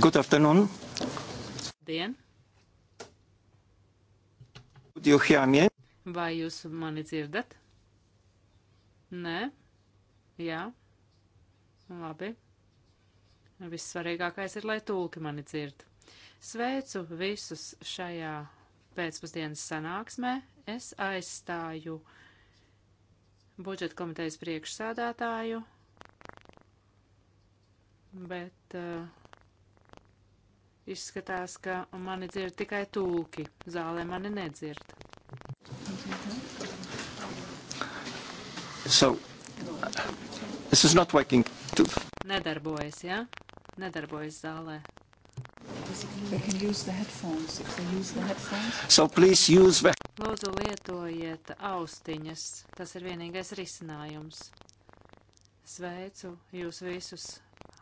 Good afternoon. Dien. Would you hear me? Vai jūs mani dzirdat? Nē? Jā? Labi. Vissvarīgākais ir, lai tulki mani dzird. Sveicu visus šajā pēcpusdienas sanāksmē. Es aizstāju budžeta komitejas priekšsādātāju, bet uh, Izskatās, ka mani dzird tikai tūki. Zālē mani nedzird. So, this is not working. To... Nedarbojas, jā? Ja? Nedarbojas zālē. They can use the headphones. If they use the headphones. So please use the... Lūdzu lietojiet austiņas. Tas ir vienīgais risinājums. Sveicu jūs visus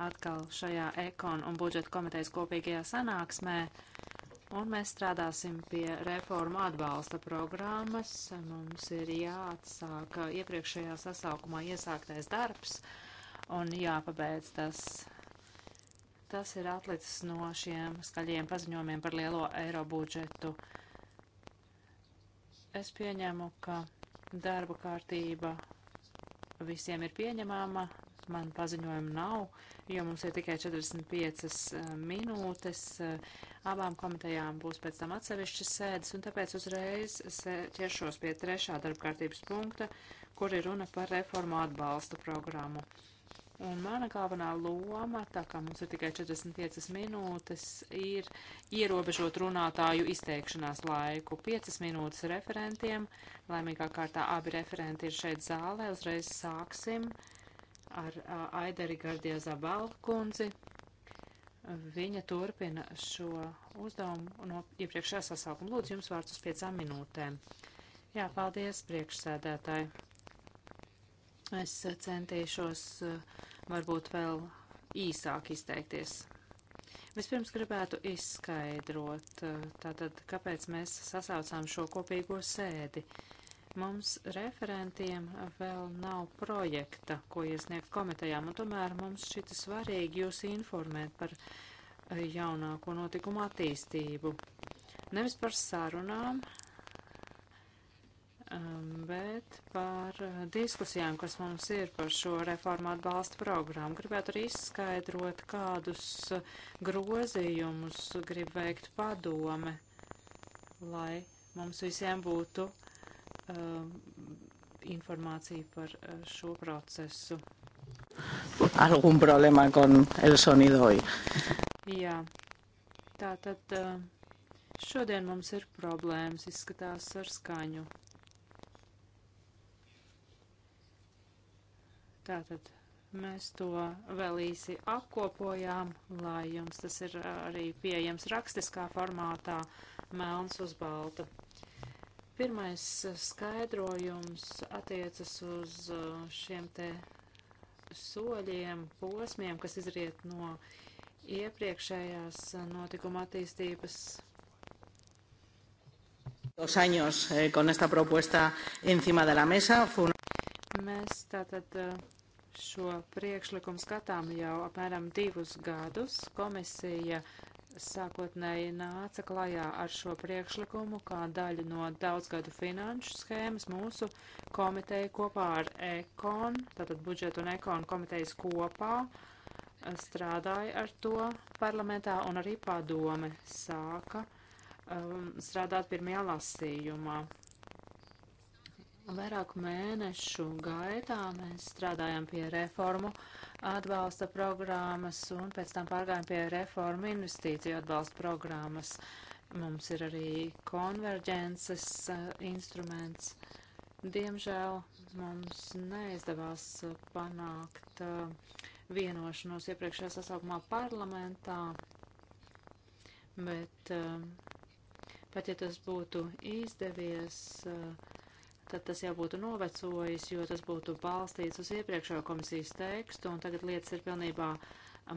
atkal šajā ekon un budžeta komitejas kopīgajā sanāksmē, un mēs strādāsim pie reformu atbalsta programmas. Mums ir jāatsāk iepriekšējā sasaukumā iesāktais darbs un jāpabeidz tas. Tas ir atlicis no šiem skaļiem paziņojumiem par lielo eiro budžetu. Es pieņemu, ka darba kārtība visiem ir pieņemama, Pat man paziņojumu nav, jo mums ir tikai 45 eh, minūtes. Eh, abām komitejām būs pēc tam atsevišķas sēdes, un tāpēc uzreiz ķeršos pie trešā darbkārtības punkta, kur ir runa par reformu atbalsta programmu. Un mana galvenā loma, tā kā mums ir tikai 45 minūtes, ir ierobežot runātāju izteikšanās laiku. 5 minūtes referentiem, laimīgā kārtā abi referenti ir šeit zālē, uzreiz sāksim. Uh, ar Aideri Gardie Zabalu kundzi. Viņa turpina šo uzdevumu no iepriekšējā sasaukuma. Lūdzu, jums vārds uz piecām minūtēm. Jā, paldies, priekšsēdētāji. Es centīšos varbūt vēl īsāk izteikties. Vispirms gribētu izskaidrot, tātad, kāpēc mēs sasaucām šo kopīgo sēdi. Uh, bet mums referentiem vēl nav projekta, ko iesniegt komitejām, un tomēr mums šķita svarīgi jūs informēt par eh, jaunāko notikumu attīstību. Nevis par sarunām, ehm, bet par eh, diskusijām, kas mums ir par šo reformu atbalsta programmu. Gribētu arī izskaidrot, kādus eh, grozījumus grib veikt padome, lai mums visiem būtu Um, informāciju par uh, šo procesu. Algún problēma con el sonido hoy. Jā, tā tad uh, šodien mums ir problēmas, izskatās ar skaņu. Tātad mēs to vēl īsi apkopojām, lai jums tas ir uh, arī pieejams rakstiskā formātā, melns uz balta. Pirmais eh, skaidrojums attiecas uz eh, šiem te soļiem, posmiem, kas izriet no iepriekšējās eh, notikuma attīstības. Dos años eh, con esta propuesta encima de la mesa. Fue un... Mēs tātad šo priekšlikumu skatām jau apmēram divus gadus. Komisija uh, sākotnēji nāca klajā ar šo priekšlikumu kā daļu no daudzgadu finanšu schēmas mūsu komiteja kopā ar ekon, tātad budžetu un ekon komitejas kopā strādāja ar to parlamentā un arī padome sāka um, strādāt pirmajā lasījumā. Vairāku mēnešu gaitā mēs strādājām pie reformu atbalsta programmas un pēc tam pārgājām pie reformu investīciju atbalsta programmas. Mums ir arī konverģences uh, instruments. Diemžēl mums neizdevās uh, panākt uh, vienošanos iepriekšējā sasaukumā parlamentā, bet pat ja tas būtu izdevies, tad tas jau būtu novecojis, jo tas būtu balstīts uz iepriekšējo komisijas tekstu, un tagad lietas ir pilnībā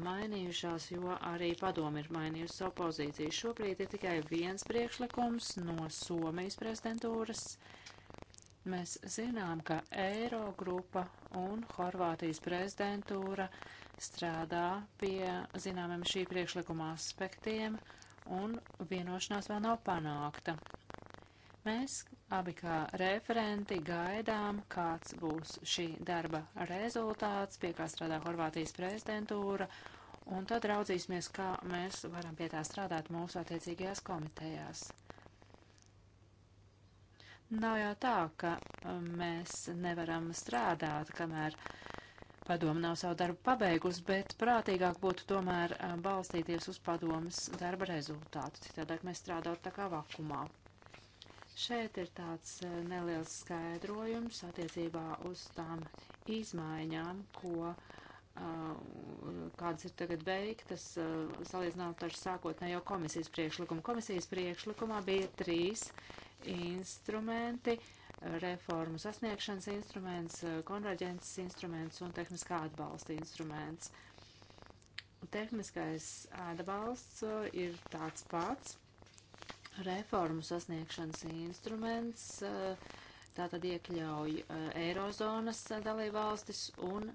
mainījušās, jo arī padomi ir mainījusi savu pozīciju. Šobrīd ir tikai viens priekšlikums no Somijas prezidentūras. Mēs zinām, ka Eirogrupa un Horvātijas prezidentūra strādā pie zināmiem šī priekšlikuma aspektiem, un vienošanās vēl nav panākta. Mēs abi kā referenti gaidām, kāds būs šī darba rezultāts, pie kā strādā Horvātijas prezidentūra, un tad raudzīsimies, kā mēs varam pie tā strādāt mūsu attiecīgajās komitejās. Nav jau tā, ka um, mēs nevaram strādāt, kamēr padoma nav savu darbu pabeigus, bet prātīgāk būtu tomēr um, balstīties uz padomas darba rezultātu, citādāk mēs strādātu tā kā vakumā. Šeit ir tāds eh, neliels skaidrojums attiecībā uz tām izmaiņām, ko eh, kādas ir tagad veiktas, eh, salīdzinot ar sākotnējo komisijas priekšlikumu. Komisijas priekšlikumā bija trīs instrumenti - reformu sasniegšanas instruments, konverģences instruments un tehniskā atbalsta instruments. Tehniskais atbalsts ir tāds pats reformu sasniegšanas instruments eh, tātad iekļauj eh, Eirozonas eh, dalībvalstis un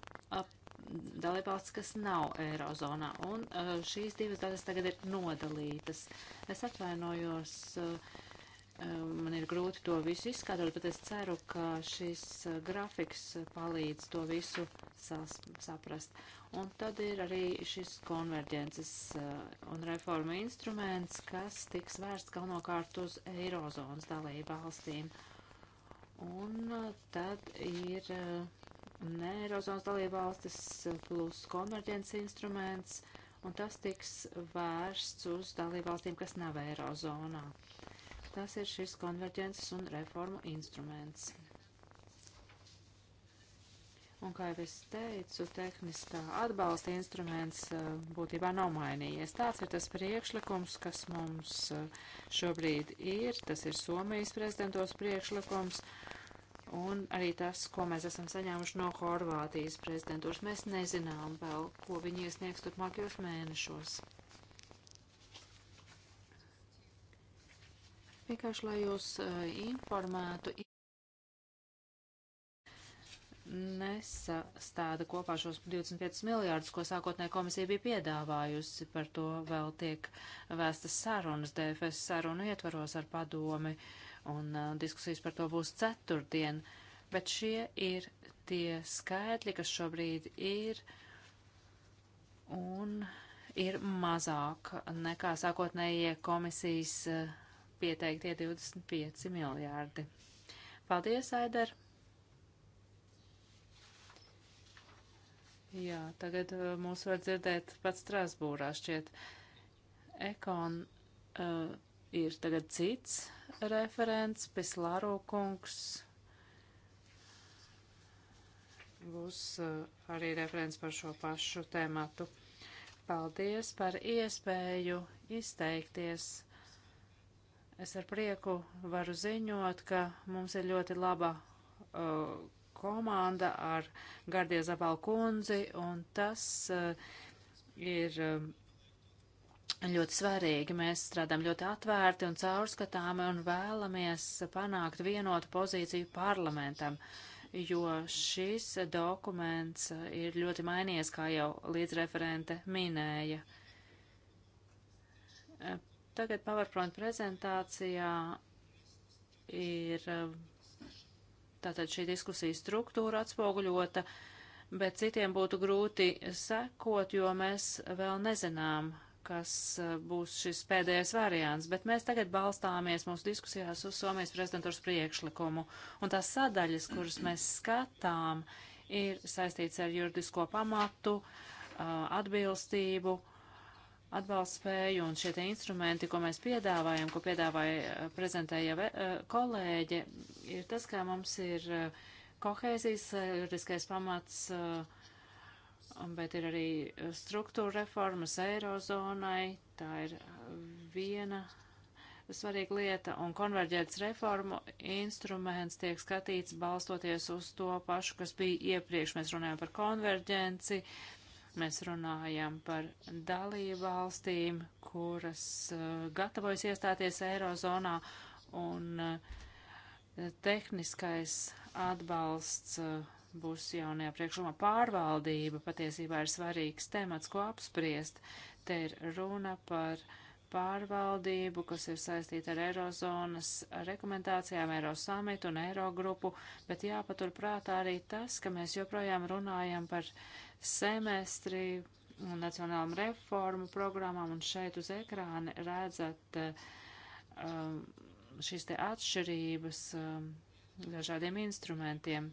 dalībvalstis, kas nav Eirozonā. Un šīs divas daļas tagad ir nodalītas. Es atvainojos. Uh, man ir grūti to visu izskaidrot, bet es ceru, ka šis eh, grafiks palīdz to visu sas, saprast. Un tad ir arī šis konverģences eh, un reforma instruments, kas tiks vērsts galvenokārt uz eirozonas dalību valstīm. Un eh, tad ir ne eirozonas dalību valstis plus konverģences instruments, un tas tiks vērsts uz dalību valstīm, kas nav eirozonā. Uh, Tas ir šis konverģences un reformu instruments. Un, kā jau es teicu, tehniskā atbalsta instruments uh, būtībā nav mainījies. Tāds ir tas priekšlikums, kas mums uh, šobrīd ir. Tas ir Somijas prezidentos priekšlikums un arī tas, ko mēs esam saņēmuši no Horvātijas prezidentūras. Mēs nezinām vēl, ko viņi iesniegs turpmākajos mēnešos. Vienkārši, lai jūs e, informētu, nesastāda kopā šos 25 miljārdus, ko sākotnē komisija bija piedāvājusi. Par to vēl tiek vēstas sarunas DFS sarunu ietvaros ar padomi, un uh, diskusijas par to būs ceturtdien. Bet šie ir tie skaitļi, kas šobrīd ir, un ir mazāk nekā sākotnējie komisijas. Uh, pieteiktie 25 miljārdi. Paldies, Aider! Jā, tagad uh, mūs var dzirdēt pat Strasbūrā šķiet. Ekon uh, ir tagad cits referents, Pislāro kungs. Būs uh, arī referents par šo pašu tēmatu. Paldies par iespēju izteikties Es ar prieku varu ziņot, ka mums ir ļoti laba uh, komanda ar Gardie Zabalu kundzi, un tas uh, ir uh, ļoti svarīgi. Mēs strādājam ļoti atvērti un caurskatāmi un vēlamies panākt vienotu pozīciju parlamentam. Uh, jo šis dokuments ir ļoti mainījies, kā jau līdzreferente minēja. Tagad PowerPoint prezentācijā ir eh, tātad šī diskusija struktūra atspoguļota, bet citiem būtu grūti sekot, jo mēs vēl nezinām, kas eh, būs šis pēdējais variants, bet mēs tagad balstāmies mūsu diskusijās uz Somijas prezidentūras priekšlikumu, un tās sadaļas, kuras mēs skatām, ir saistīts ar juridisko pamatu, eh, atbilstību, atbalsta spēju un šie te instrumenti, ko mēs piedāvājam, ko piedāvāja eh, prezentēja eh, kolēģe, ir tas, kā mums ir eh, kohēzijas juridiskais pamats, bet ir arī struktūra reformas eirozonai, tā ir viena svarīga lieta, un konverģētas reformu instruments tiek skatīts balstoties uz to pašu, kas bija iepriekš. Mēs runājam par konverģenci, uh, Mēs runājam par dalību valstīm, kuras eh, gatavojas iestāties Eirozonā un eh, tehniskais atbalsts eh, būs jaunajā priekšrunā pārvaldība, patiesībā ir svarīgs temats, ko apspriest. Te ir runa par uh, pārvaldību, kas ir saistīta ar Eirozonas rekomendācijām, Eirosamitu un Eirogrupu, bet jāpatur prātā arī tas, ka mēs joprojām runājam par semestri un nacionālām reformu programmām, un šeit uz ekrāna redzat um, šīs te atšķirības um, dažādiem instrumentiem.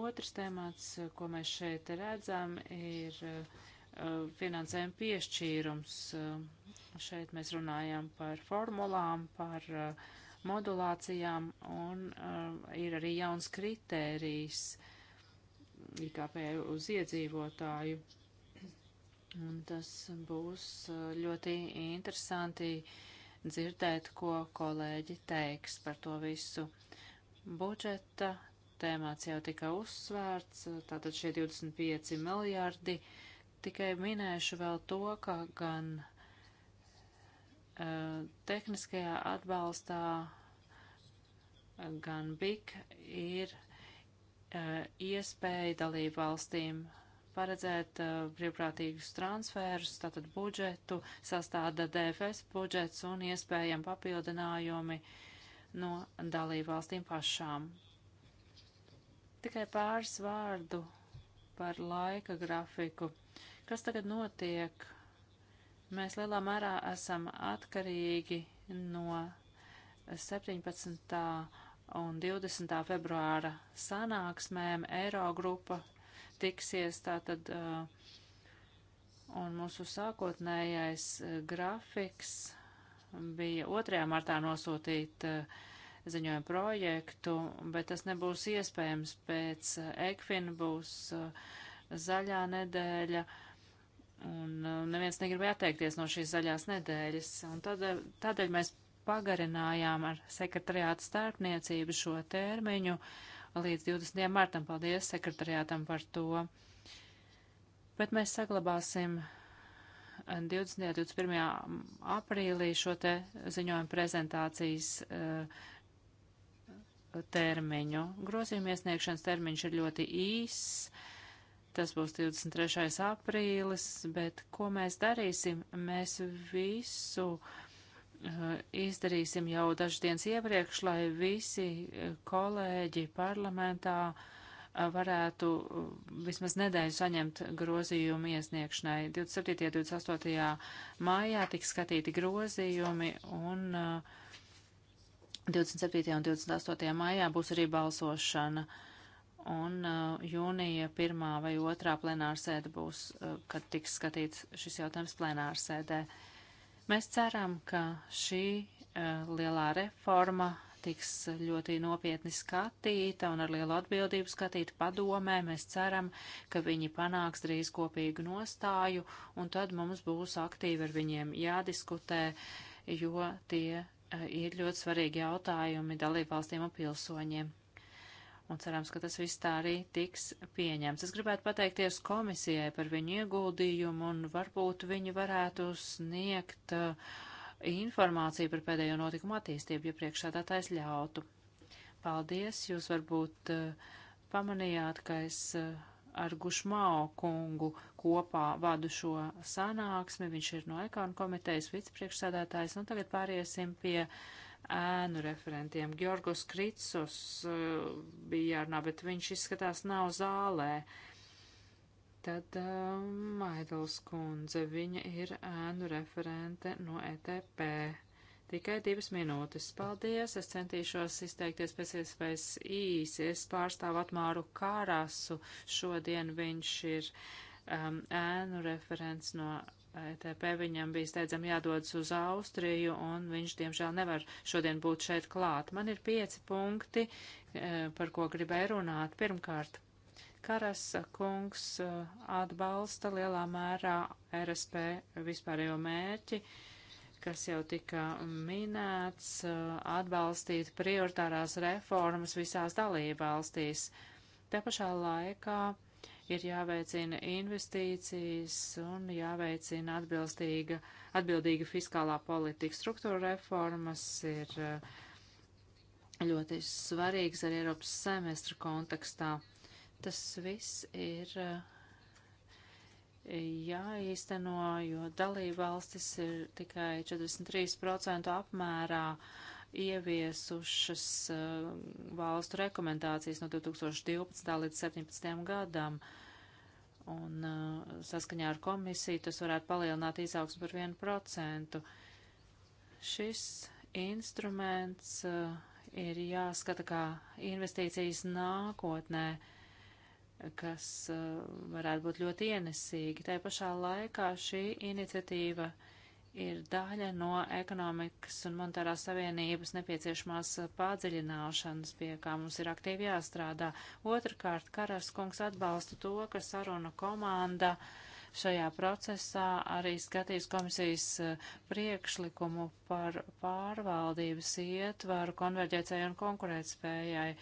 Otrs temats, ko mēs šeit redzam, ir uh, finansējuma piešķīrums. Uh, Šeit mēs runājam par formulām, par uh, modulācijām un uh, ir arī jauns kritērijs IKP uz iedzīvotāju. Un tas būs uh, ļoti interesanti dzirdēt, ko kolēģi teiks par to visu. Budžeta tēmāts jau tika uzsvērts, tātad šie 25 miljardi. Tikai minēšu vēl to, ka gan tehniskajā atbalstā gan BIK ir e, iespēja dalību valstīm paredzēt e, brīvprātīgus transferus, tātad budžetu, sastāda DFS budžets un iespējami papildinājumi no dalību valstīm pašām. Tikai pāris vārdu par laika grafiku. Kas tagad notiek Mēs lielā mērā esam atkarīgi no 17. un 20. februāra sanāksmēm. Eirogrupa tiksies tātad, uh, un mūsu sākotnējais uh, grafiks bija 2. martā nosūtīt uh, ziņojumu projektu, bet tas nebūs iespējams pēc ECFIN būs zaļā nedēļa Un uh, neviens negribēja atteikties no šīs zaļās nedēļas. Un tad, uh, tādēļ mēs pagarinājām ar sekretariātu starpniecību šo termiņu līdz 20. martam. Paldies sekretariātam par to. Bet mēs saglabāsim 20. un 21. aprīlī šo te ziņojumu prezentācijas uh, termiņu. Grozījuma iesniegšanas termiņš ir ļoti īss Tas būs 23. aprīlis, bet ko mēs darīsim? Mēs visu uh, izdarīsim jau dažas dienas iepriekš, lai visi uh, kolēģi parlamentā uh, varētu uh, vismaz nedēļu saņemt grozījumu iesniegšanai. 27. un 28. mājā tiks skatīti grozījumi un uh, 27. un 28. mājā būs arī balsošana. Uh, un uh, jūnija pirmā vai otrā plenārsēde būs, uh, kad tiks skatīts šis jautājums plenārsēdē. Mēs ceram, ka šī uh, lielā reforma tiks ļoti nopietni skatīta un ar lielu atbildību skatīta padomē. Mēs ceram, ka viņi panāks drīz kopīgu nostāju, un tad mums būs aktīvi ar viņiem jādiskutē, jo tie uh, ir ļoti svarīgi jautājumi dalībvalstīm un pilsoņiem un cerams, ka tas viss tā arī tiks pieņemts. Es gribētu pateikties komisijai par viņu ieguldījumu un varbūt viņi varētu sniegt uh, informāciju par pēdējo notikumu attīstību, ja priekšādātājs ļautu. Paldies, jūs varbūt uh, pamanījāt, ka es uh, ar Gušmao kungu kopā vadu šo sanāksmi. Viņš ir no ekonu komitejas vicepriekšsēdētājs. Un nu, tagad pāriesim pie uh, ēnu referentiem. Georgos Kritsos eh, bija jārunā, bet viņš izskatās nav zālē. Tad uh, eh, Maidls kundze, viņa ir ēnu referente no ETP. Tikai divas minūtes. Paldies, es centīšos izteikties pēc iespējas īsi. Es pārstāvu Atmāru Kārasu. Šodien viņš ir um, ēnu referents no ETP viņam bija steidzami jādodas uz Austriju, un viņš, diemžēl, nevar šodien būt šeit klāt. Man ir pieci punkti, e, par ko gribēju runāt. Pirmkārt, Karas kungs e, atbalsta lielā mērā RSP vispārējo mērķi, kas jau tika minēts, e, atbalstīt prioritārās reformas visās dalībvalstīs. Te pašā laikā ir jāveicina investīcijas un jāveicina atbilstīga, atbildīga fiskālā politika. Struktūra reformas ir eh, ļoti svarīgas arī Eiropas semestra kontekstā. Tas viss ir eh, jāīsteno, jo dalība valstis ir tikai 43% apmērā uh, ieviesušas uh, valstu rekomendācijas no 2012. līdz 2017. gadam. Un uh, saskaņā ar komisiju tas varētu palielināt izaugsmu par 1%. Šis instruments uh, ir jāskata kā investīcijas nākotnē, kas uh, varētu būt ļoti ienesīgi. Tā pašā laikā šī iniciatīva uh, ir daļa no ekonomikas un monetārās savienības nepieciešamās padziļināšanas, pie kā mums ir aktīvi jāstrādā. Otrakārt, Karas kungs atbalsta to, ka saruna komanda šajā procesā arī skatīs komisijas eh, priekšlikumu par pārvaldības ietvaru konverģēcēju un konkurētspējai,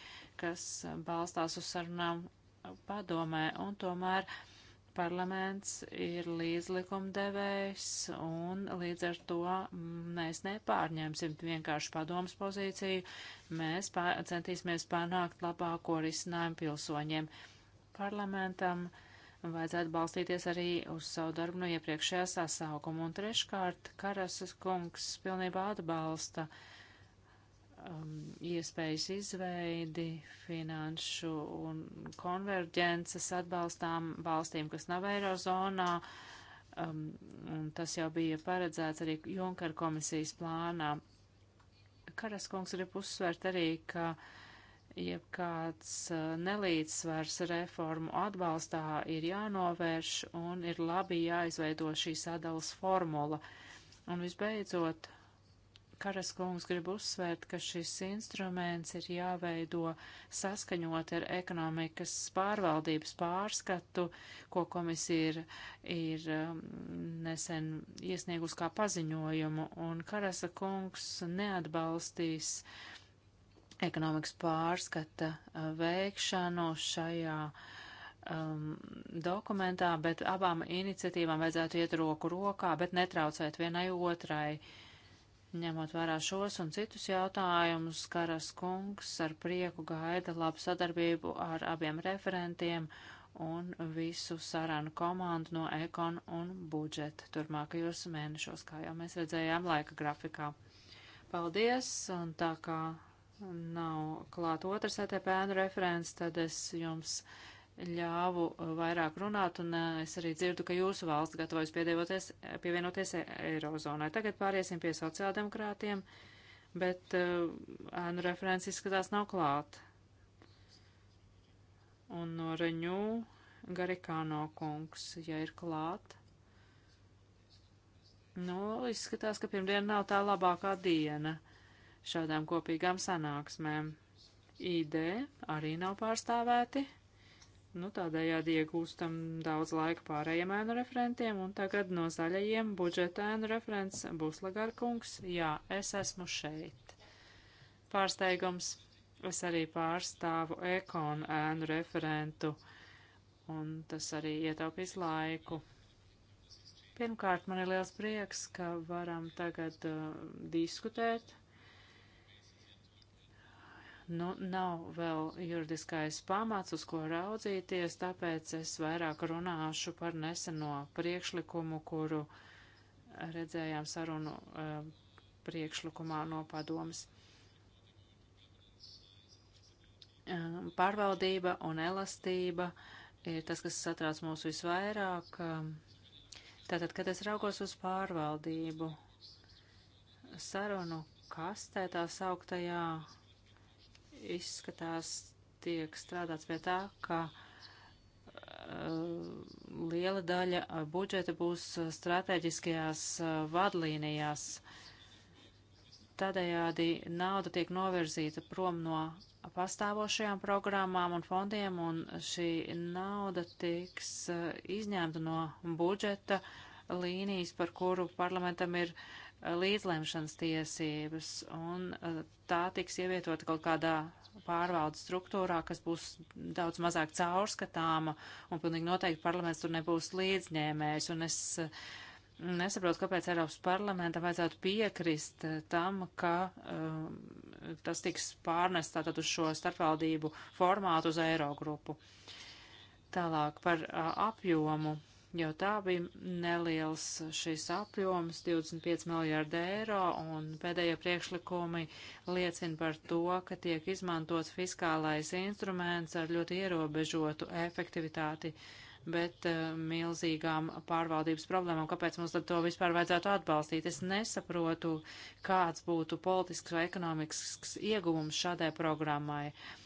kas balstās uz sarunām padomē un tomēr parlaments ir līdzlikumdevējs, un līdz ar to mēs nepārņemsim vienkārši padomas pozīciju, mēs pār, centīsimies panākt labāko risinājumu pilsoņiem. Parlamentam vajadzētu balstīties arī uz savu darbu no iepriekšējā sasaukuma, un treškārt Karasas kungs pilnībā atbalsta uh, um, iespējas izveidi, finanšu un konverģences atbalstām valstīm, kas nav eirozonā, um, un tas jau bija paredzēts arī Junkar komisijas plānā. Karaskungs grib uzsvērt arī, ka jebkāds uh, nelīdzsvars reformu atbalstā ir jānovērš un ir labi jāizveido šī sadalas formula. Un visbeidzot, Karas kungs grib uzsvērt, ka šis instruments ir jāveido saskaņot ar ekonomikas pārvaldības pārskatu, ko komisija ir, ir um, nesen iesniegus kā paziņojumu, un Karasa kungs neatbalstīs ekonomikas pārskata uh, veikšanu šajā um, dokumentā, bet abām iniciatīvām vajadzētu iet roku rokā, bet netraucēt vienai otrai. Uh, Ņemot vērā šos un citus jautājumus, Karas kungs ar prieku gaida labu sadarbību ar abiem referentiem un visu sarunu komandu no ekon un budžeta turmākajos mēnešos, kā jau mēs redzējām laika grafikā. Paldies, un tā kā nav klāt otrs ETPN referents, tad es jums ļāvu uh, vairāk runāt, un uh, es arī dzirdu, ka jūsu valsts gatavojas pievienoties e, Eirozonai. Tagad pāriesim pie sociāldemokrātiem, bet uh, ēnu uh, referents izskatās nav klāt. Un no Reņū Garikāno kungs, ja ir klāt. Nu, izskatās, ka pirmdiena nav tā labākā diena šādām kopīgām sanāksmēm. ID arī nav pārstāvēti. Nu, tādējādi iegūstam daudz laika pārējiem ēnu referentiem, un tagad no zaļajiem budžeta ēnu referents būs Lagarkungs. Jā, es esmu šeit. Pārsteigums. Es arī pārstāvu ekonu ēnu referentu, un tas arī ietaupīs laiku. Pirmkārt, man ir liels prieks, ka varam tagad uh, diskutēt nu, nav vēl juridiskais pamats, uz ko raudzīties, tāpēc es vairāk runāšu par neseno priekšlikumu, kuru redzējām sarunu uh, priekšlikumā no padomas. Uh, pārvaldība un elastība ir tas, kas satrauc mūs visvairāk. Eh, tātad, kad es raugos uz pārvaldību, sarunu kastē tā sauktajā izskatās tiek strādāts pie tā, ka uh, liela daļa uh, budžeta būs uh, strateģiskajās vadlīnijās. Tādējādi nauda tiek novirzīta prom no pastāvošajām programmām un fondiem, un šī nauda tiks izņemta no budžeta līnijas, par kuru parlamentam ir uh, līdzlemšanas tiesības, un eh, tā tiks ievietota kaut kādā pārvaldes struktūrā, kas būs daudz mazāk caurskatāma, un pilnīgi noteikti parlaments tur nebūs līdzņēmējs. Un es eh, nesaprotu, kāpēc Eiropas parlamentam vajadzētu piekrist eh, tam, ka um, tas tiks pārnest tātad uz šo starpvaldību formātu uz Eirogrupu. Tālāk par uh, apjomu Jau tā bija neliels eh, šis apjoms - 25 miljārdi eiro, un pēdējie priekšlikumi liecina par to, ka tiek izmantots fiskālais instruments ar ļoti ierobežotu efektivitāti bet uh, milzīgām pārvaldības problēmām. Kāpēc mums tad to vispār vajadzētu atbalstīt? Es nesaprotu, kāds būtu politisks vai ekonomisks ieguvums šādai programmai. Uh,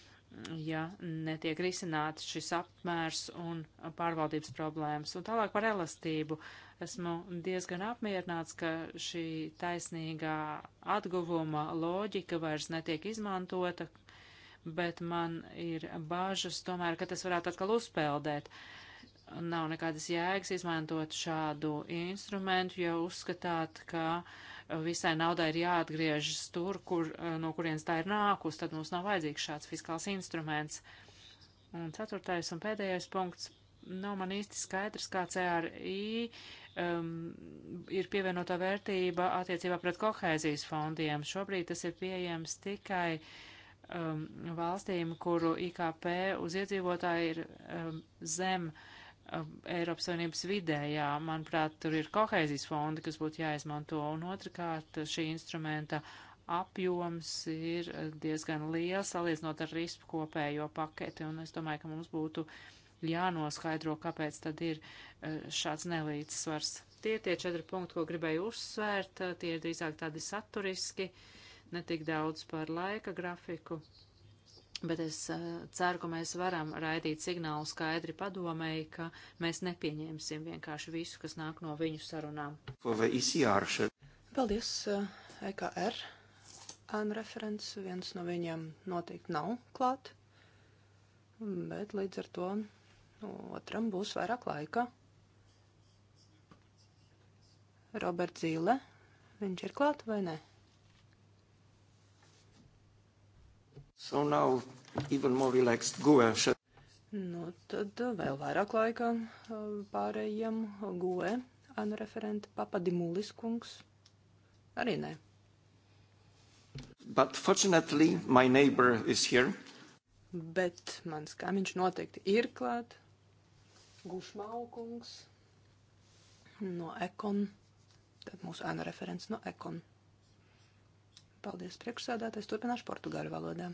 ja netiek risināts šis apmērs un pārvaldības problēmas. Un tālāk par elastību. Esmu diezgan apmierināts, ka šī taisnīgā atguvuma loģika vairs netiek izmantota, bet man ir bažas tomēr, ka tas varētu atkal uzpeldēt. Nav nekādas jēgas izmantot šādu instrumentu, ja uzskatāt, ka uh, visai naudai ir jāatgriežas tur, kur, eh, no kurienes tā ir nākus, tad mums nav vajadzīgs šāds fiskāls instruments. Un ceturtais un pēdējais punkts. Nav man īsti skaidrs, kā CRI um, ir pievienotā vērtība attiecībā pret kohēzijas fondiem. Šobrīd tas ir pieejams tikai um, valstīm, kuru IKP uz iedzīvotāju ir um, zem uh, Um, Eiropas Savienības vidējā. Manuprāt, tur ir kohēzijas fondi, kas būtu jāizmanto, un otrkārt šī instrumenta apjoms ir diezgan liels, salīdzinot ar risku kopējo paketi, un es domāju, ka mums būtu jānoskaidro, kāpēc tad ir uh, šāds nelīdzsvars. Tie tie četri punkti, ko gribēju uzsvērt, tie ir drīzāk tādi saturiski, netik daudz par laika grafiku. Bet es eh, ceru, ka mēs varam raidīt signālu skaidri padomēji, ka mēs nepieņemsim vienkārši visu, kas nāk no viņu sarunām. E Paldies, EKR. Eh, e Ēnu referents viens no viņiem noteikti nav klāt, bet līdz ar to nu, otram būs vairāk laika. Robert Zīle, viņš ir klāt vai nē? So now even more relaxed GUE. Nu, tad uh, vēl vairāk laika uh, pārējiem GUE anreferenti Papadimulis kungs. Arī nē. But fortunately my neighbor is here. Bet mans kaimiņš noteikti ir klāt. Gušmau kungs no Ekon. Tad mūsu ēna referents no Ekon. Paldies priekšsēdētājs. Turpināšu portugāļu valodā.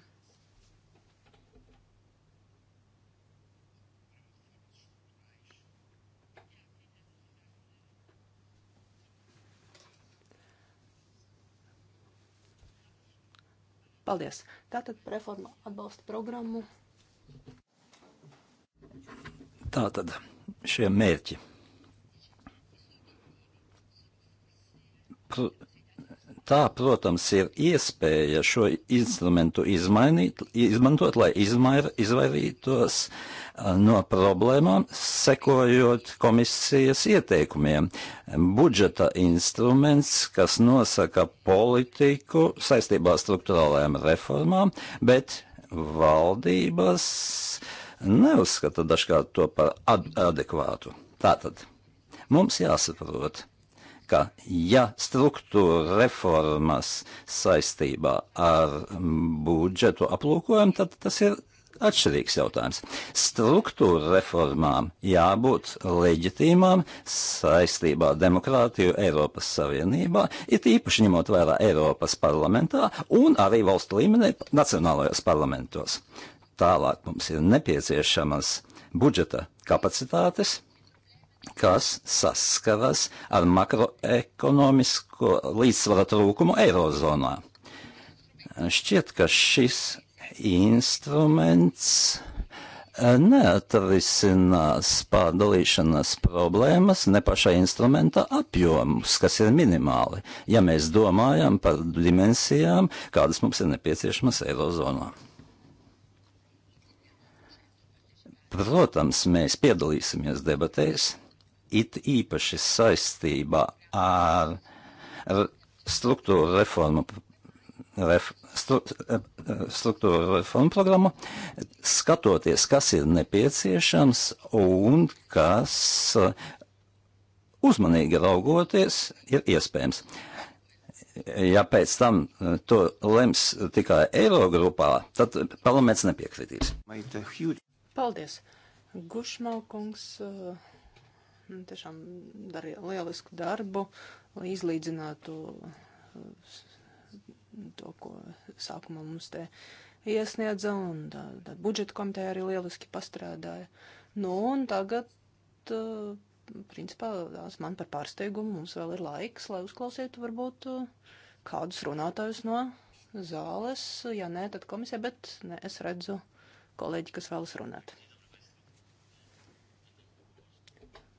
Paldies! Tātad reforma atbalsta programmu. Tātad šie mērķi. Pr Tā, protams, ir iespēja šo instrumentu izmainīt, izmantot, lai izmair, izvairītos uh, no problēmām, sekojot komisijas ieteikumiem. Budžeta instruments, kas nosaka politiku saistībā struktūrālajām reformām, bet valdības neuzskata dažkārt to par ad adekvātu. Tātad mums jāsaprot ka ja struktūra reformas saistībā ar budžetu aplūkojam, tad tas ir atšķirīgs jautājums. Struktūra reformām jābūt leģitīmām saistībā ar demokrātiju Eiropas Savienībā, it īpaši ņemot vērā Eiropas parlamentā un arī valstu līmenī nacionālajos parlamentos. Tālāk mums ir nepieciešamas budžeta kapacitātes, kas saskaras ar makroekonomisko līdzsvara trūkumu Eirozonā. Šķiet, ka šis instruments eh, neatrisinās pārdalīšanas problēmas, ne pašā instrumenta apjomus, kas ir minimāli, ja mēs domājam par dimensijām, kādas mums ir nepieciešamas Eirozonā. Protams, mēs piedalīsimies debatēs it īpaši saistībā ar, ar struktūru reformu. Ref, stru, eh, struktūra reformu programmu, skatoties, kas ir nepieciešams un kas eh, uzmanīgi raugoties ir iespējams. Ja pēc tam eh, to lems tikai Eirogrupā, tad parlaments nepiekritīs. Paldies! Gušmaukungs. Uh Nu, tiešām darīja lielisku darbu, lai izlīdzinātu eh, to, ko sākumā mums te iesniedza, un tā, tā budžeta komiteja arī lieliski pastrādāja. Nu, un tagad, eh, principā, tās man par pārsteigumu mums vēl ir laiks, lai uzklausītu varbūt eh, kādus runātājus no zāles, ja nē, tad komisija, bet nē, es redzu kolēģi, kas vēlas runāt.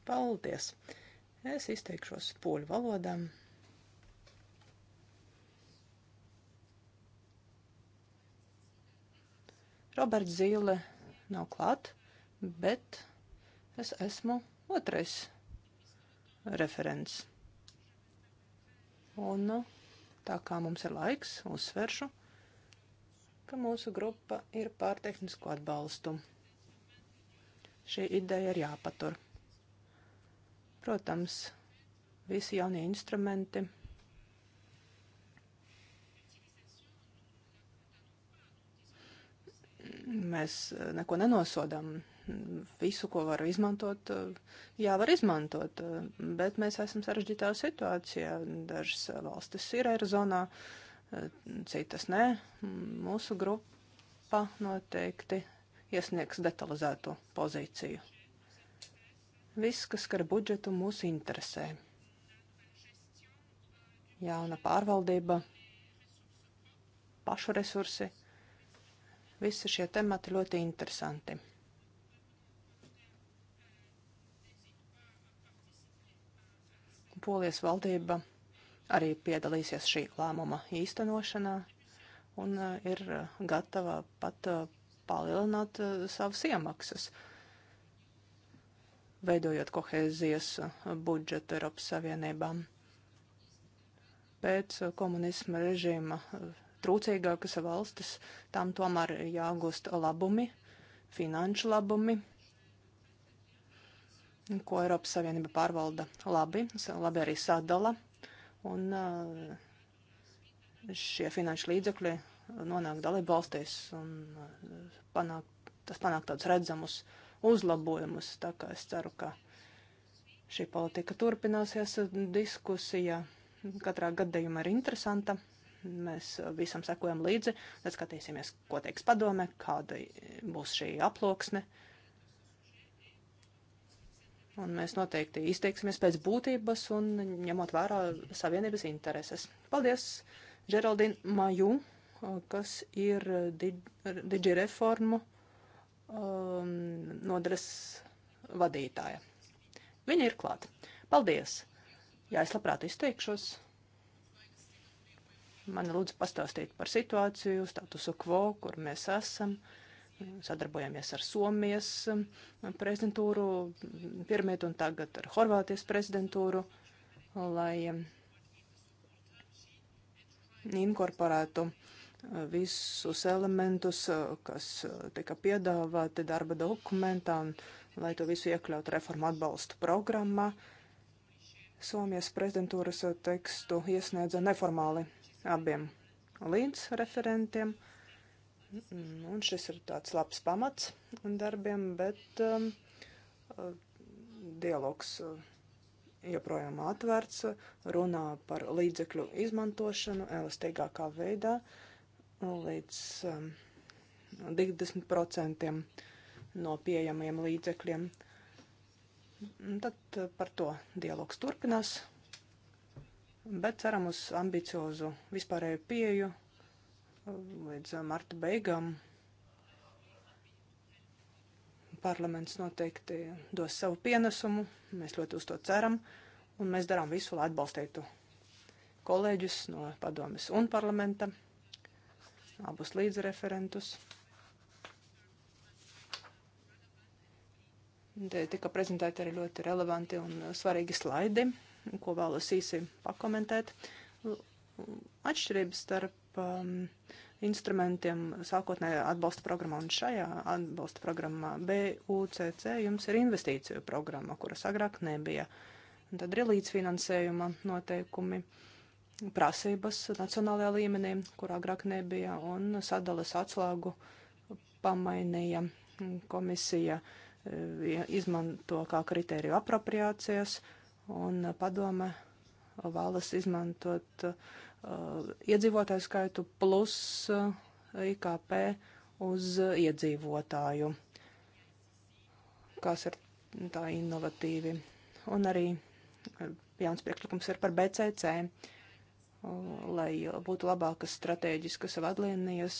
Paldies! Es izteikšos poļu valodām. Roberts Zīle nav klāt, bet es esmu otrais referents. Un nu, tā kā mums ir laiks, uzsveršu, ka mūsu grupa ir pār tehnisko atbalstu. Šī ideja ir jāpatur. Protams, visi jaunie instrumenti. Mēs eh, neko nenosodām. Visu, ko var izmantot, eh, jā, var izmantot, eh, bet mēs esam sarežģītā situācijā. Dažas valstis ir Eirozonā, citas nē. Mūsu grupa noteikti iesniegs detalizēto pozīciju. Viss, kas skar budžetu, mūs interesē. Jauna pārvaldība, pašu resursi, visi šie temati ļoti interesanti. Polijas valdība arī piedalīsies šī lēmuma īstenošanā un uh, ir uh, gatava pat uh, palielināt savas iemaksas. Uh, veidojot kohēzijas budžetu Eiropas Savienībām. Pēc komunisma režīma trūcīgākas valstis, tam tomēr jāgūst labumi, finanšu labumi, ko Eiropas Savienība pārvalda labi, labi arī sadala, un šie finanšu līdzekļi nonāk dalību valstīs un panāk, tas panāk tādus redzamus uh, uzlabojumus. Tā kā es ceru, ka šī politika turpināsies diskusija. Katrā gadījumā ir interesanta. Mēs visam sekojam līdzi, tad skatīsimies, ko teiks padome, kāda būs šī aploksne. Un mēs noteikti izteiksimies pēc būtības un ņemot vērā savienības intereses. Paldies, Geraldine Maju, kas ir Digi reformu um, nodaļas vadītāja. Viņa ir klāt. Paldies! Jā, es labprāt izteikšos. Mani lūdzu pastāstīt par situāciju, statusu quo, kur mēs esam. Sadarbojamies ar Somijas um, prezidentūru, pirmiet un tagad ar Horvātijas prezidentūru, lai um, inkorporētu uh, visus elementus, eh, kas eh, tika piedāvāti darba dokumentā, un lai to visu iekļautu reformu atbalsta programmā. Somijas prezidentūras eh, tekstu iesniedza neformāli abiem līdz referentiem. Nu, un šis ir tāds labs pamats darbiem, bet um, dialogs joprojām atvērts, runā par līdzekļu izmantošanu elastīgākā veidā. Uh, Nu, līdz um, 20% no pieejamiem līdzekļiem. Un tad uh, par to dialogs turpinās, bet ceram uz ambiciozu vispārēju pieju uh, līdz uh, marta beigām. Parlaments noteikti dos savu pienesumu, mēs ļoti uz to ceram, un mēs darām visu, lai atbalstītu kolēģus no padomes un parlamenta abus līdzreferentus. Te tika prezentēti arī ļoti relevanti un svarīgi slaidi, ko vēlos īsi pakomentēt. Atšķirības starp um, instrumentiem sākotnējā atbalsta programmā un šajā atbalsta programmā BUCC jums ir investīciju programma, kuras agrāk nebija. Un tad ir līdzfinansējuma noteikumi. Uh, prasības nacionālajā līmenī, kur agrāk nebija, un sadalas atslēgu pamainīja komisija, e, izmanto kā kritēriju apropriācijas, un padome vēlas izmantot uh, iedzīvotāju skaitu plus uh, e, IKP uz iedzīvotāju, kas ir tā innovatīvi. Un arī jauns priekšlikums ir par BCC. Uh, lai būtu labākas stratēģiskas vadlīnijas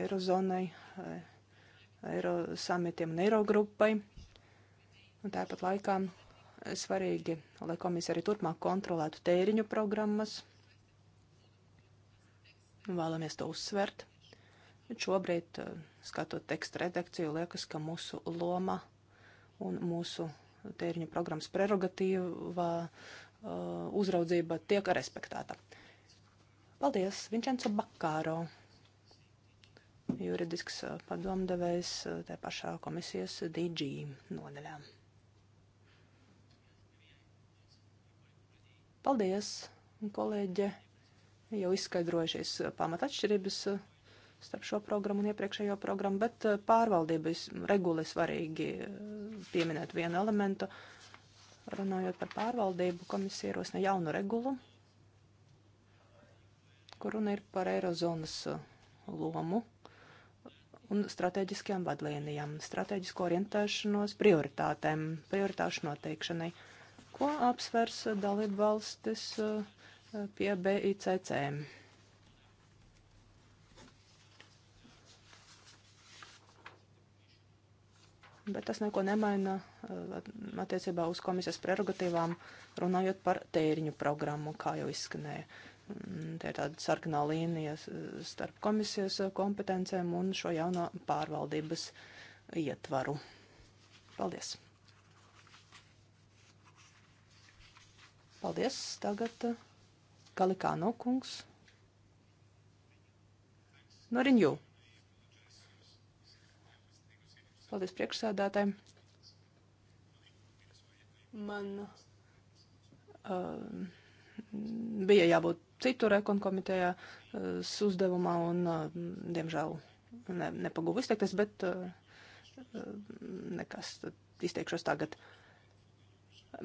Eirozonai, Eiro samitiem un Eirogrupai. Un tāpat laikā svarīgi, lai komisija arī turpmāk kontrolētu tēriņu programmas. Vēlamies to uzsvert. Bet šobrīd, eh, skatot tekstu redakciju, liekas, ka mūsu loma un mūsu tēriņu programmas prerogatīva eh, uzraudzība tiek respektēta. Paldies, Vincenzo Bakāro, juridisks uh, padomdevējs uh, tā pašā komisijas DG nodaļā. Paldies, kolēģe, jau izskaidrojušies uh, pamat atšķirības starp šo programmu un iepriekšējo programmu, bet pārvaldības regula svarīgi pieminēt vienu elementu. Runājot par pārvaldību, komisija ierosina jaunu regulu kur runa ir par Eirozonas uh, lomu un strateģiskajām vadlīnijām, strateģisko orientēšanos prioritātēm, prioritāšu noteikšanai, ko apsvers uh, dalību valstis uh, pie BICC. Bet tas neko nemaina attiecībā uz komisijas prerogatīvām, runājot par tēriņu programmu, kā jau izskanēja. Mm, tā ir tāda sarkanā līnija starp komisijas uh, kompetencēm un šo jauno pārvaldības ietvaru. Paldies! Paldies! Tagad uh, Kalikāno kungs. Noriņu. Paldies priekšsēdētājiem. Man uh, bija jābūt citur ekonkomitejā eh, uzdevumā un, eh, diemžēl, ne, nepaguvu izteikties, bet eh, nekas, tad izteikšos tagad.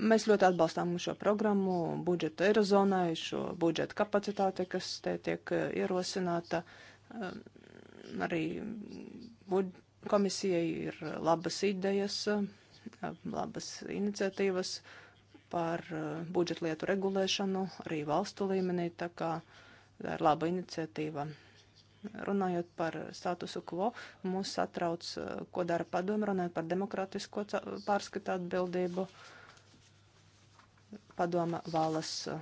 Mēs ļoti atbalstām šo programmu, budžeta eirozonai, šo budžeta kapacitāti, kas te tiek ierosināta. Arī komisijai ir labas idejas, labas iniciatīvas. Uh, par eh, budžetlietu regulēšanu arī valstu līmenī, tā kā tā ir laba iniciatīva. Runājot par statusu quo, mūs satrauc, eh, ko dara padomu, runājot par demokratisko pārskatu atbildību. Padoma vēlas, eh,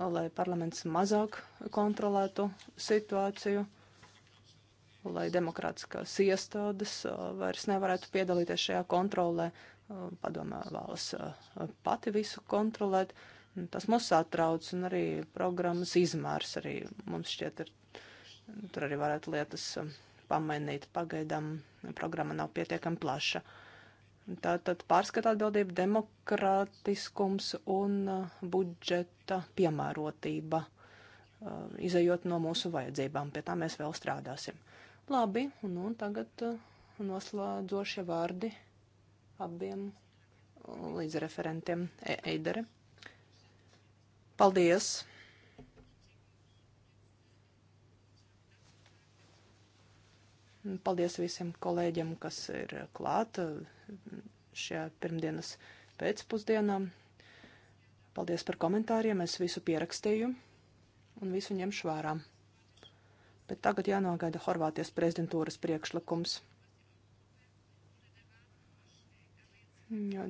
lai parlaments mazāk kontrolētu situāciju lai demokrātiskās iestādes uh, vairs nevarētu piedalīties šajā kontrolē. Uh, padomē vēlas uh, pati visu kontrolēt. Tas mūs satrauc, un arī programmas izmērs arī mums šķiet ir. Tur arī varētu lietas um, pamainīt. Pagaidām programma nav pietiekami plaša. Tātad pārskata atbildība, demokrātiskums un budžeta piemērotība, izējot no mūsu vajadzībām. Pie tā mēs vēl strādāsim. Labi, nu un tagad uh, noslēdzošie vārdi abiem uh, līdzreferentiem e Eidere. Paldies! Paldies visiem kolēģiem, kas ir klāt uh, šajā pirmdienas pēcpusdienā. Paldies par komentāriem, es visu pierakstīju un visu ņemšu vērā bet tagad jānogaida Horvātijas prezidentūras priekšlikums. Jo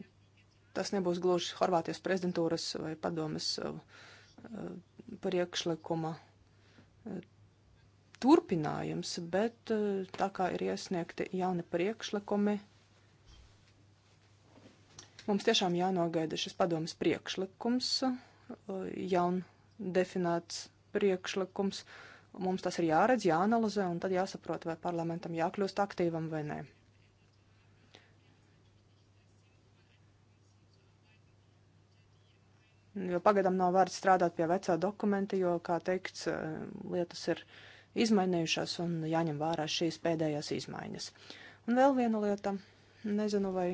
tas nebūs gluži Horvātijas prezidentūras vai padomas eh, priekšlikuma eh, turpinājums, bet eh, tā kā ir iesniegti jauni priekšlikumi, mums tiešām jānogaida šis padomas priekšlikums, jaun definēts priekšlikums. Uh, Mums tas ir jāredz, jāanalizē, un tad jāsaprot, vai parlamentam jākļūst aktīvam vai nē. Jo pagaidām nav vērts strādāt pie vecā dokumenta, jo, kā teikts, eh, lietas ir izmainījušās un jāņem vērā šīs pēdējās izmaiņas. Un vēl viena lieta, nezinu, vai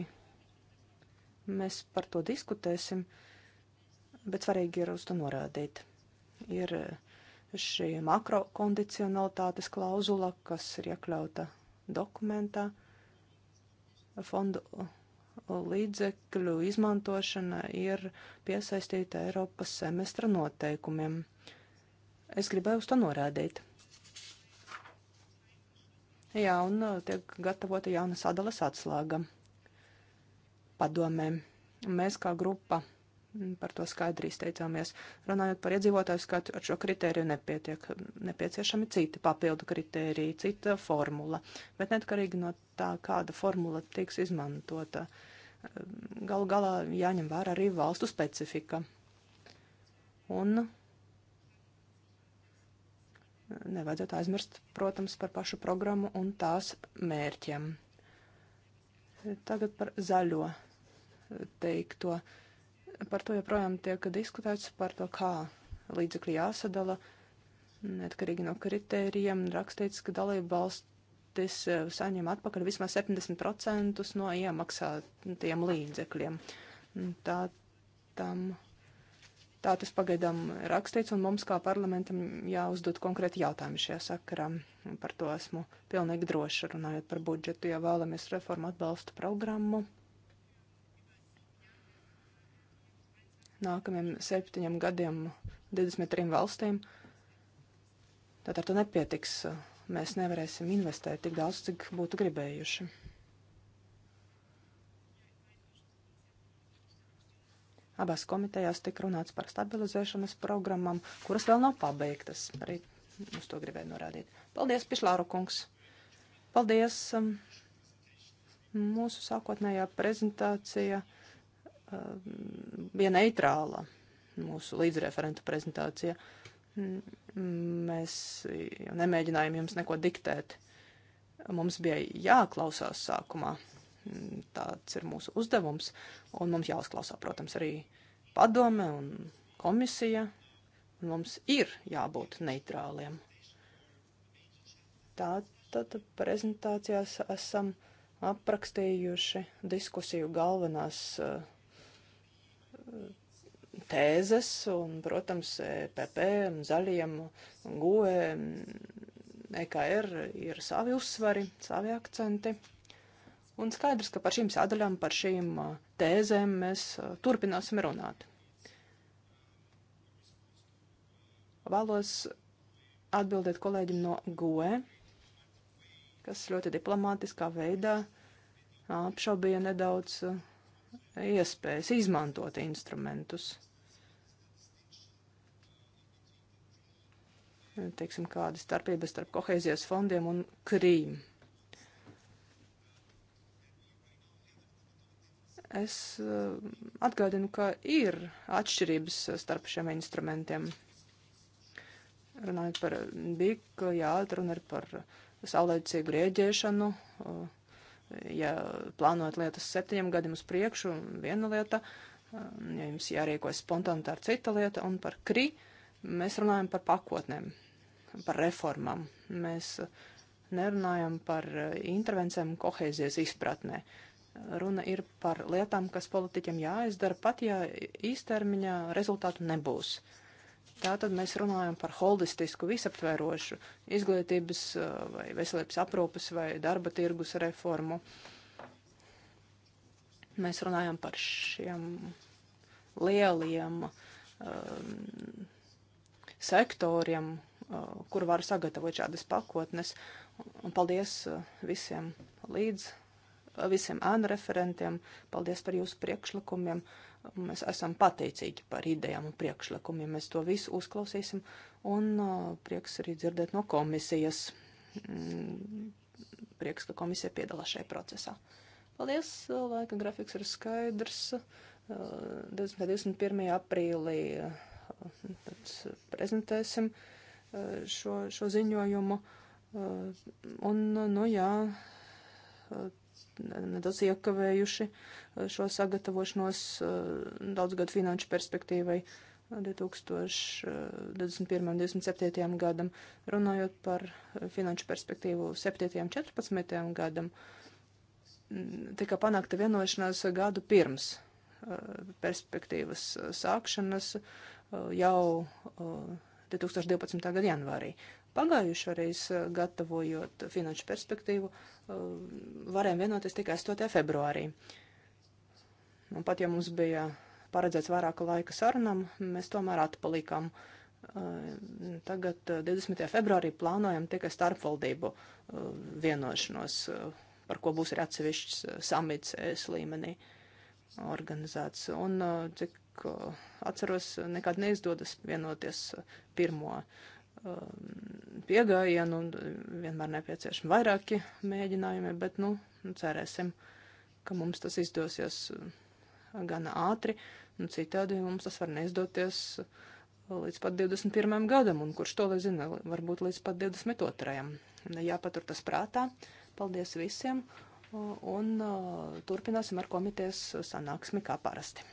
mēs par to diskutēsim, bet svarīgi ir uz to norādīt. Ir eh, šī makrokondicionalitātes klauzula, kas ir iekļauta dokumentā, fondu līdzekļu izmantošana ir piesaistīta Eiropas semestra noteikumiem. Es gribēju uz to norādīt. Jā, un uh, tiek gatavota jauna sadalas atslēga padomēm. Mēs kā grupa Par to skaidri izteicāmies. Runājot par iedzīvotāju skatu, ar šo kritēriju nepietiek. Nepieciešami citi papildu kritēriji, cita formula. Bet netkarīgi no tā, kāda formula tiks izmantota, galu galā jāņem vērā arī valstu specifika. Un nevajadzētu aizmirst, protams, par pašu programmu un tās mērķiem. Tagad par zaļo teikto. Uh, Par to joprojām tiek diskutēts par to, kā līdzekļi jāsadala, neatkarīgi no kritērijiem. Rakstīts, ka dalība valstis eh, saņem atpakaļ vismaz 70% no iemaksātiem līdzekļiem. Tā, tam, tā tas pagaidām rakstīts, un mums kā parlamentam jāuzdod konkrēti jautājumi šajā sakarā. Par to esmu pilnīgi droša runājot par budžetu, ja vēlamies reformu atbalstu programmu nākamajiem septiņiem gadiem 23 valstīm. Tad ar to nepietiks. Mēs nevarēsim investēt tik daudz, cik būtu gribējuši. Abās komitejās tika runāts par stabilizēšanas programmām, kuras vēl nav pabeigtas. Arī uz to gribēju norādīt. Paldies, Pišlāru kungs! Paldies! Um, mūsu sākotnējā prezentācija Um, bija neitrāla mūsu līdzreferentu prezentācija. Mēs nemēģinājām jums neko diktēt. Mums bija jāklausās sākumā. Tāds ir mūsu uzdevums. Un mums jāuzklausā, protams, arī padome un komisija. Un mums ir jābūt neitrāliem. Tātad prezentācijās esam aprakstījuši diskusiju galvenās uh, tēzes, un, protams, PP, e zaļiem, GUE, EKR ir savi uzsvari, savi akcenti. Un skaidrs, ka par šīm sadaļām, par šīm uh, tēzēm mēs uh, turpināsim runāt. Vēlos atbildēt kolēģim no GUE, kas ļoti diplomātiskā veidā apšaubīja nedaudz uh, iespējas izmantot instrumentus. Teiksim, kāda starpība starp kohēzijas fondiem un krīm. Es eh, atgādinu, ka ir atšķirības starp šiem instrumentiem. Runājot par BIK, jā, runa ir par saulēcīgu rieģēšanu, uh, ja plānot lietas septiņiem gadiem uz priekšu, viena lieta, um, ja jums jārīkojas spontāni, tā ir cita lieta, un par kri mēs runājam par pakotnēm, par reformām. Mēs uh, nerunājam par uh, intervencijām kohēzijas izpratnē. Runa ir par lietām, kas politiķiem jāizdara, pat ja īstermiņā rezultātu nebūs. Uh, Tātad mēs runājam par holistisku, visaptverošu izglītības uh, vai veselības aprūpas vai darba tirgus reformu. Mēs runājam par šiem lieliem um, sektoriem, uh, kur var sagatavot šādas pakotnes. Un paldies uh, visiem līdz, uh, visiem ēnu referentiem, paldies par jūsu priekšlikumiem. Uh, Mēs esam pateicīgi par idejām un priekšlikumiem. Mēs to visu uzklausīsim un uh, prieks arī dzirdēt no komisijas. Mm, prieks, ka komisija piedalās šajā procesā. Paldies, laika grafiks ir skaidrs. 21. Uh, aprīlī uh, tad prezentēsim šo, šo ziņojumu. Un, nu jā, nedaudz iekavējuši eh, šo sagatavošanos eh, daudzgad finanšu perspektīvai 2021. un 2027. gadam. Runājot par eh, finanšu perspektīvu 7. un 14. gadam, mm, tika panākta vienošanās gadu pirms perspektīvas sākšanas jau 2012. gada janvārī. Pagājušo reizi, eh, gatavojot finanšu perspektīvu, eh, varējām vienoties tikai 8. februārī. Un pat ja mums bija paredzēts vairāka laika sarunam, mēs tomēr atpalikām. Eh, tagad 20. februārī plānojam tikai starpvaldību vienošanos, par ko būs arī atsevišķs samits ES līmenī organizēts. Un cik atceros, nekad neizdodas vienoties pirmo Um, pieejama un vienmēr nepieciešami vairāki mēģinājumi, bet nu, cerēsim, ka mums tas izdosies uh, gana ātri. Nu, citādi mums tas var neizdoties uh, līdz pat 21. gadam, un kurš to lai zina, varbūt līdz pat 22. Jāpatur tas prātā. Paldies visiem, uh, un turpināsim ar komitejas sanāksmi kā parasti.